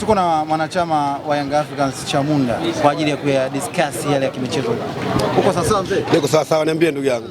tuko na mwanachama wa Young Africans Chamunda kwa ajili ya discuss yale ya kimichezo. Uko sawa sawa mzee? Niko sawa sawa, niambie ndugu yangu.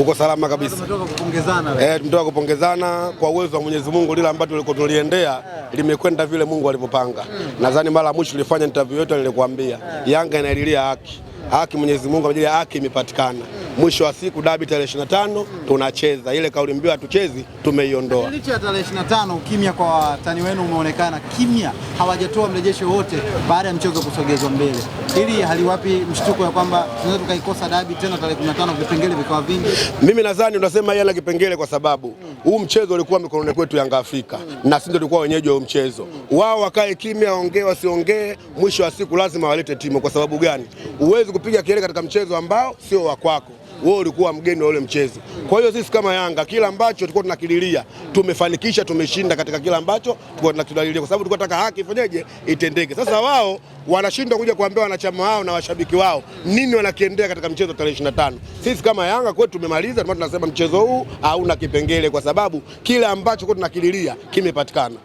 Uko salama kabisa. Tumetoka kupongezana leo. Eh, tumetoka kupongezana kwa uwezo wa Mwenyezi Mungu, lile ambalo tulikuwa tuliendea limekwenda vile Mungu alivyopanga. Hmm. Nadhani mara ya mwisho tulifanya interview yetu, nilikwambia hmm. Yanga inalilia haki haki Mwenyezi Mungu, kwa ajili ya haki imepatikana. Hmm mwisho wa siku dabi tarehe 25 mm. tunacheza. Ile kauli mbiu hatuchezi tumeiondoa. Licha ya tarehe 25, ukimya kwa watani wenu umeonekana kimya, hawajatoa mrejesho wote baada ya mchezo kusogezwa mbele. ili haliwapi mshtuko ya kwamba tunaweza tukaikosa dabi tena tarehe 15, vipengele vikawa vingi? Mimi nadhani unasema yeye ana kipengele kwa sababu hmm. huu mchezo ulikuwa mikononi kwetu Yanga Afrika mm. na sisi ndio tulikuwa wenyeji wa mchezo mm. wao wakae kimya, waongee wasiongee, mwisho wa siku lazima walete timu. Kwa sababu gani? Huwezi kupiga kelele katika mchezo ambao sio wa kwako wewe ulikuwa mgeni wa ule mchezo. Kwa hiyo sisi kama Yanga kila ambacho tulikuwa tunakililia tumefanikisha, tumeshinda katika kila ambacho tulikuwa tunakililia, kwa sababu tulikuwa tunataka haki ifanyeje itendeke. Sasa wao wanashindwa kuja kuambia wanachama wao na washabiki wao nini wanakiendea katika mchezo tarehe 25. Sisi kama Yanga kwetu tumemaliza, ndio tunasema mchezo huu hauna kipengele, kwa sababu kila ambacho tulikuwa tunakililia kimepatikana.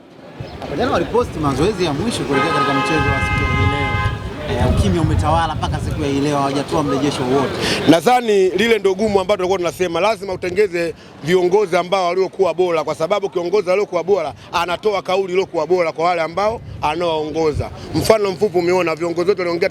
Jana waliposti mazoezi ya mwisho kuelekea katika mchezo wa siku Eh, ukimya umetawala mpaka siku ya leo hawajatoa mrejesho wote. Nadhani lile ndio gumu ambalo tulikuwa tunasema lazima utengeze viongozi ambao waliokuwa bora, kwa sababu kiongozi aliokuwa bora anatoa kauli iliokuwa bora kwa wale ambao anaoongoza. Mfano mfupi, umeona viongozi wetu waliongea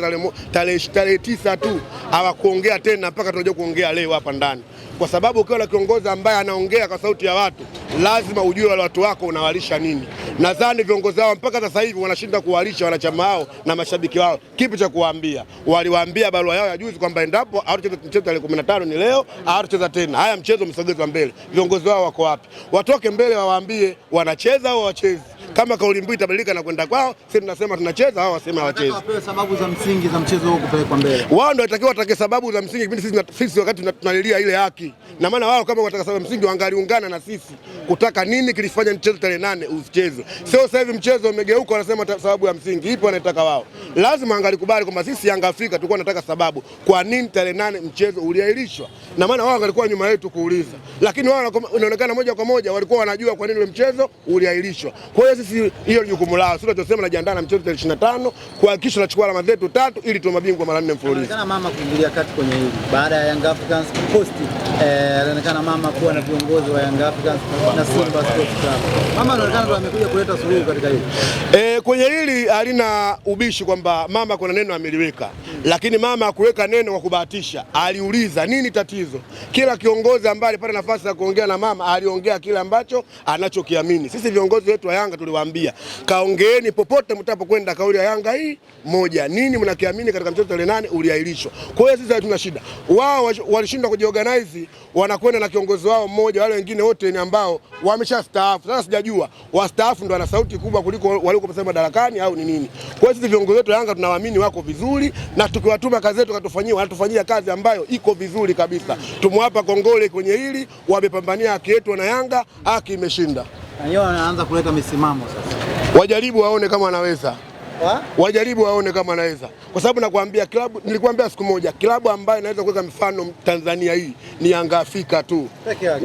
tarehe tisa tu hawakuongea tena mpaka tunajua kuongea leo hapa ndani kwa sababu ukiwa na kiongozi ambaye anaongea kwa sauti ya watu, lazima ujue wale watu wako unawalisha nini. Nadhani viongozi wao mpaka sasa hivi wanashinda kuwalisha wanachama wao na mashabiki wao kipi cha kuwaambia. Waliwaambia barua yao ya juzi kwamba endapo hawatacheza mchezo tarehe tano ni leo, hawatacheza tena, haya mchezo umesogezwa mbele. Viongozi wao wako wapi? Watoke mbele wawaambie wanacheza au wachezi kama kauli mbiu itabadilika na kwenda kwao, sisi tunasema tunacheza, hao wasema hawachezi. Wapewe sababu za msingi za mchezo huo kupelekwa mbele. Wao ndio watakiwa watake sababu za msingi, kipindi sisi sisi wakati tunalilia ile haki, na maana wao kama wataka sababu msingi wangaliungana na sisi kutaka nini kilifanya mchezo tarehe nane usichezwe. Sio sasa hivi mchezo umegeuka, wanasema sababu ya msingi ipo, wanataka wao. Lazima angalikubali kwamba sisi Yanga Afrika tulikuwa tunataka sababu kwa nini tarehe nane mchezo uliahirishwa, na maana wao walikuwa nyuma yetu kuuliza, lakini wao inaonekana moja kwa moja walikuwa wanajua kwa nini ule mchezo uliahirishwa. Kwa hiyo kwa sisi hiyo ni jukumu lao, sio tunasema najiandaa na mchezo tarehe 25 kuhakikisha tunachukua alama zetu tatu ili tuwe mabingwa mara nne mfululizo. Inaonekana mama kuingilia kati kwenye hili baada ya Young Africans kupost, eh, inaonekana mama kuwa na viongozi wa Young Africans na Simba Sports Club. Mama anaonekana ndo amekuja kuleta suluhu katika hili. Eh, kwenye hili halina ubishi kwamba mama kuna neno ameliweka lakini mama hakuweka neno kwa kubahatisha, aliuliza nini tatizo. Kila kiongozi ambaye alipata nafasi ya kuongea na mama aliongea kile ambacho anachokiamini. Sisi viongozi wetu wa Yanga tuliwaambia, kaongeeni popote mtapokwenda, kauli ya Yanga hii moja, nini mnakiamini katika mchezo tarehe nane uliahirishwa. Kwa hiyo sisi hatuna shida, wao walishindwa kujiorganize, wanakwenda na kiongozi wao mmoja, wale wengine wote ni ambao wameshastaafu. Sasa sijajua wastaafu ndo ana sauti kubwa kuliko waliokuwa madarakani au ni nini. Kwa hiyo sisi viongozi wetu wa Yanga tunawaamini wako vizuri na tukiwatuma kazi zetu katufanyia, wanatufanyia kazi ambayo iko vizuri kabisa. Tumewapa kongole kwenye hili, wamepambania haki yetu na Yanga, haki imeshinda. Wanaanza kuleta misimamo sasa, wajaribu waone kama wanaweza wa? Wajaribu waone kama anaweza, kwa sababu nakwambia klabu, nilikwambia siku moja, klabu ambayo inaweza kuweka mfano Tanzania hii ni Yanga Afrika tu,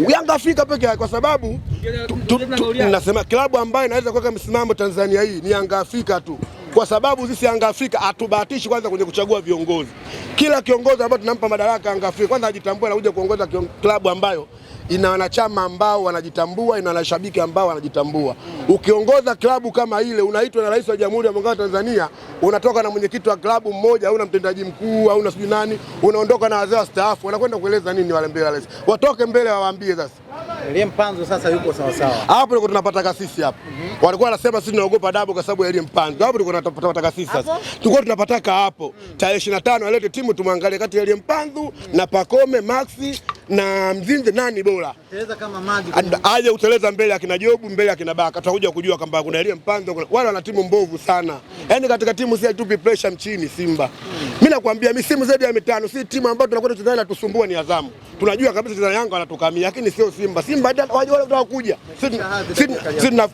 Yanga Afrika peke yake, kwa sababu tu, tu, tu, nasema klabu ambayo inaweza kuweka msimamo Tanzania hii ni Yanga Afrika tu kwa sababu sisi Yanga Afrika hatubahatishi kwanza kwenye kuchagua viongozi. Kila kiongozi ambaye tunampa madaraka Yanga Afrika kwanza ajitambue, anakuja kuongoza klabu ambayo ina wanachama ambao wanajitambua, ina wanashabiki ambao wanajitambua. Ukiongoza klabu kama ile, unaitwa na rais wa Jamhuri ya Muungano wa Tanzania, unatoka na mwenyekiti wa klabu mmoja au na mtendaji mkuu au na sijui nani, unaondoka na wazee wa wastaafu, wanakwenda kueleza nini wale mbele wale? Watoke mbele wawaambie sasa. Elie Mpanzu sasa yuko sawa sawa. Hapo ndiko tunapata kasisi hapo. Mm -hmm. Walikuwa wanasema sisi tunaogopa dabu kwa sababu ya Elie Mpanzu. Hapo ndiko tunapata kasisi sasa. Tulikuwa tunapataka hapo. Mm. Tarehe 25 alete timu tumwangalie kati ya Elie Mpanzu mm. na Pakome Maxi na mzinze nani bora aje uteleza mbele akina Jobu mbele akina Baka, tutakuja kujua kwamba kuna Elie Mpanzo kuna... wale wana timu mbovu sana yaani mm. katika timu si atupi pressure mchini Simba mm. mimi nakwambia misimu zaidi ya mitano, si timu ambayo tunakwenda kucheza na tusumbua ni Azamu. Tunajua kabisa tena Yanga anatukamia lakini sio Simba. Simba hata wale watakuja, si tunaf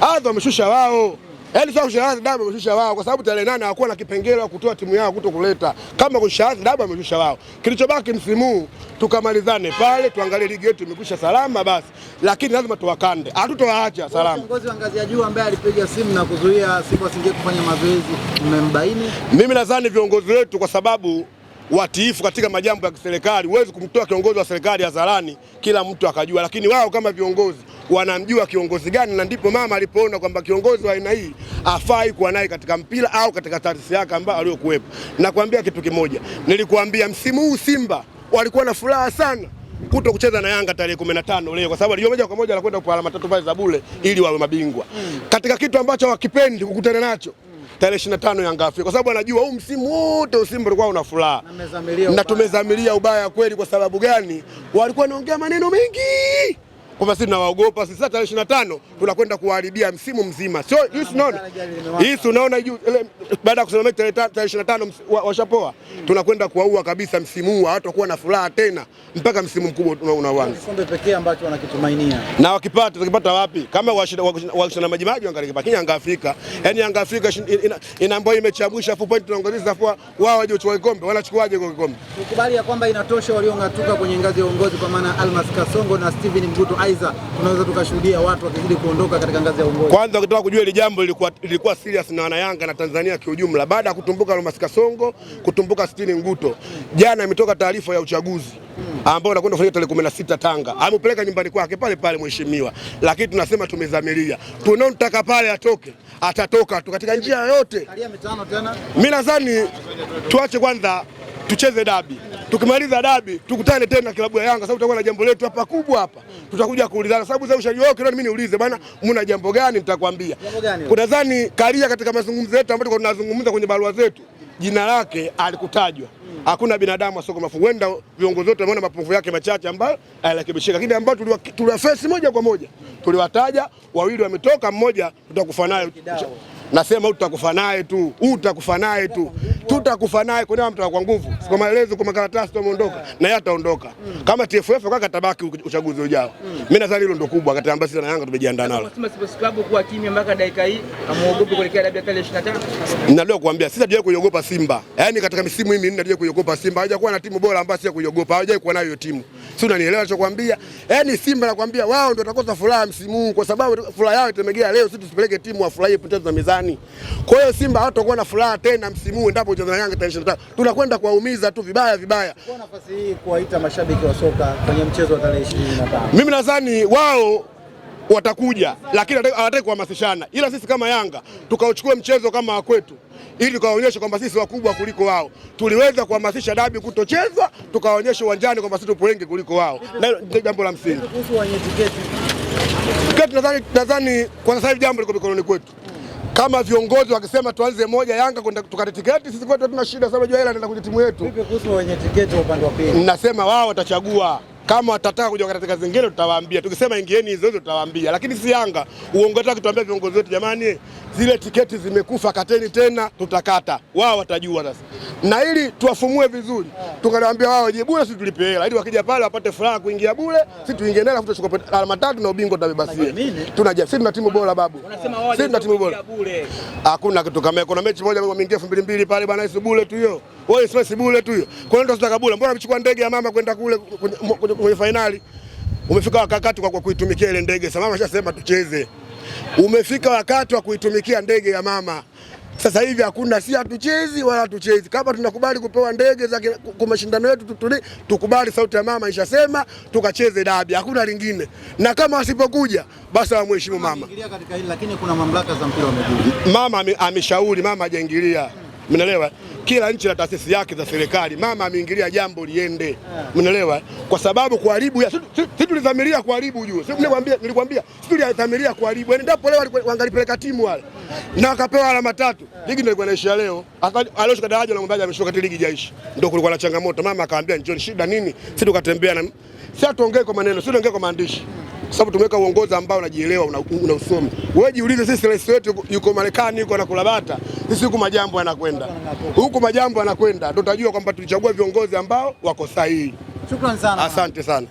Azam wameshusha wao Yaani sio kushangaza Daba ameshusha wao kwa sababu tarehe nane hakuwa na kipengele wa kutoa timu yao kuto kuleta. Kama kushangaza Daba ameshusha wao. Kilichobaki msimu tukamalizane pale tuangalie ligi yetu imekwisha salama basi. Lakini lazima tuwakande. Hatutowaacha salama. Kiongozi wa ngazi ya juu ambaye alipiga simu na kuzuia Simba asingie kufanya mazoezi mmembaini? Mimi nadhani viongozi wetu kwa sababu watiifu katika majambo ya kiserikali, huwezi kumtoa kiongozi wa serikali hadharani kila mtu akajua, lakini wao kama viongozi wanamjua kiongozi gani, na ndipo mama alipoona kwamba kiongozi wa aina hii afai kuwa naye katika mpira au katika taasisi yake ambayo aliyokuwepo. Nakwambia kitu kimoja, nilikuambia msimu huu Simba walikuwa na furaha sana kuto kucheza na Yanga tarehe 15 leo, kwa sababu alijua moja kwa moja anakwenda kwa alama tatu pale za bure ili wawe mabingwa mm. katika kitu ambacho wakipendi kukutana nacho tarehe 25 Yanga Afrika, kwa sababu anajua huu msimu wote Simba ulikuwa una furaha na tumezamilia ubaya kweli. Kwa sababu gani? walikuwa wanaongea maneno mengi kwamba sisi tunawaogopa. Sisi Sasa tarehe 25 tunakwenda kuharibia msimu mzima, sio hii. Tunaona hii, tunaona baada ya kusimama tarehe 25 na tano washapoa, tunakwenda kuwaua kabisa msimu huu, watu hawatakuwa na furaha tena mpaka msimu mkubwa unaanza. Kombe pekee ambacho wanakitumainia na wakipata, wakipata wapi kama washinda maji maji majimaji? Wangalikipata Yanga Afrika, yani Yanga Afrika inaambia inaambayo imechabwisha afu point tunaongezeza afu wao waje uchukue kombe, wanachukuaje kwa kikombe? Ukubali ya kwamba inatosha waliong'atuka kwenye ngazi ya uongozi kwa maana Almas Kasongo na Steven Mguto aidha tunaweza tukashuhudia watu wakizidi kuondoka katika ngazi ya uongozi. Kwanza ukitaka kujua hili jambo lilikuwa, lilikuwa serious na wanayanga na Tanzania kiujumla, baada ya kutumbuka Almas Kasongo, kutumbuka Stini Nguto, jana imetoka taarifa ya uchaguzi ambao nakwenda kufanyika tarehe 16 Tanga. Amepeleka nyumbani kwake pale pale mheshimiwa, lakini tunasema tumezamilia, tunaomtaka pale atoke, atatoka tu katika njia yote. Mimi nadhani tuache kwanza tucheze dabi tukimaliza dabi tukutane tena klabu ya Yanga, sababu tutakuwa na jambo letu hapa kubwa hapa, tutakuja kuulizana sababu sasa ushaji wao Mimi niulize bwana, mna jambo gani? Nitakwambia kunadhani Karia katika mazungumzo yetu ambayo tunazungumza kwenye barua zetu, jina lake alikutajwa hakuna binadamu asoko mafungu wenda viongozi wote wameona mapungufu yake machache ambayo hayarekebishika, lakini ambao face moja kwa moja, tuliwataja wawili, wametoka mmoja, tutakufa naye nasema huyu tutakufa naye tu, huyu tutakufa naye tu, tutakufa naye kwa mtu kwa nguvu, kwa maelezo, kwa makaratasi tumeondoka na yeye ataondoka. Kama TFF kaka katabaki uchaguzi ujao, mimi nadhani hilo ndio kubwa kati ambayo sisi na Yanga tumejiandaa nalo. Simba Sports Club kuwa kimya mpaka dakika hii, amuogope kuelekea labda ya tarehe 25. Nalio kuambia sisi hatujawahi kuogopa Simba, yaani katika misimu hii minne hatujawahi kuogopa Simba, hajakuwa na timu bora ambayo sija kuogopa, hajawahi kuwa nayo timu si unanielewa ninachokwambia? Yaani Simba nakwambia wao ndio watakosa furaha msimu huu, kwa sababu furaha yao itemegea leo. Sisi tusipeleke timu wafurahie poteza mezani. Kwa hiyo Simba hawatakuwa na furaha tena msimu huu endapo ucheza na Yanga tarehe 25. Tunakwenda kuwaumiza tu vibaya vibaya. Kwa nafasi hii kuwaita mashabiki wa soka kwenye mchezo wa tarehe 25. Mimi nadhani wao watakuja, lakini hawataki kuhamasishana, ila sisi kama Yanga tukauchukua mchezo kama wa kwetu ili tukawaonyeshe kwamba sisi wakubwa kuliko wao. Tuliweza kuhamasisha dabi kutochezwa, tukawaonyesha uwanjani kwamba sisi tupo wengi kuliko wao, na hilo jambo la msingi tiketi, nadhani kwa sasa hivi jambo liko mikononi kwetu kama viongozi wakisema tuanze moja Yanga kwenda tukate tiketi, sisi kwetu hatuna shida, sababu jua hela inaenda kwenye timu yetu. Vipi kuhusu wenye tiketi upande wa pili? Nasema wao watachagua kama watataka kuja katika zingine tutawaambia, tukisema ingieni hizo hizo tutawaambia, lakini si Yanga uongo wake akituambia viongozi wetu, jamani, zile tiketi zimekufa, kateni tena, tutakata. Wao watajua sasa, na ili tuwafumue vizuri, tukanawaambia wao je, bure, sisi tulipe hela ili wakija pale wapate furaha kuingia bure, sisi tuingie ndani, afu tuchukue alama tatu na ubingwa tutabeba. Sisi tunaje? Sisi tuna timu bora babu, sisi tuna timu bora, hakuna kitu kama. Kuna mechi moja mingia elfu mbili mbili pale bwana, sisi bure tu hiyo, wewe sisi bure tu hiyo. Kwa nini tunataka bure? Mbona mchukua ndege ya mama kwenda kule kwenye fainali, umefika wakati kwa kuitumikia ile ndege. Sasa mama ashasema tucheze, umefika wakati wa kuitumikia ndege ya mama. Sasa hivi hakuna si hatuchezi wala hatuchezi. Kama tunakubali kupewa ndege za kwa mashindano yetu tutuli, tukubali sauti ya mama ishasema tukacheze dabi, hakuna lingine. Na kama wasipokuja basi wamheshimu mama. Mama ameshauri mama hajaingilia. Mnaelewa? Kila nchi na taasisi yake za serikali. Mama ameingilia jambo liende. Mnaelewa? Kwa sababu kuharibu ya sisi tulidhamiria kuharibu juu, Sisi nilikwambia nilikwambia si tulidhamiria kuharibu. Yaani ndipo leo wangalipeleka timu wale. Na akapewa alama tatu. Ligi ndio ilikuwa inaisha leo. Alioshuka daraja na mwombaji ameshuka katika ligi jaishi. Ndio kulikuwa na changamoto. Mama akaambia njoo, shida nini? Si tukatembea na sisi tuongee kwa maneno, sisi tuongee kwa maandishi kwa sababu tumeweka uongozi ambao unajielewa, una, una usomi. Wewe jiulize, sisi rais wetu yuko Marekani, yuko kulabata, sisi huku majambo yanakwenda, huku majambo yanakwenda, tutajua kwamba tulichagua viongozi ambao wako sahihi. Shukrani sana. Asante sana.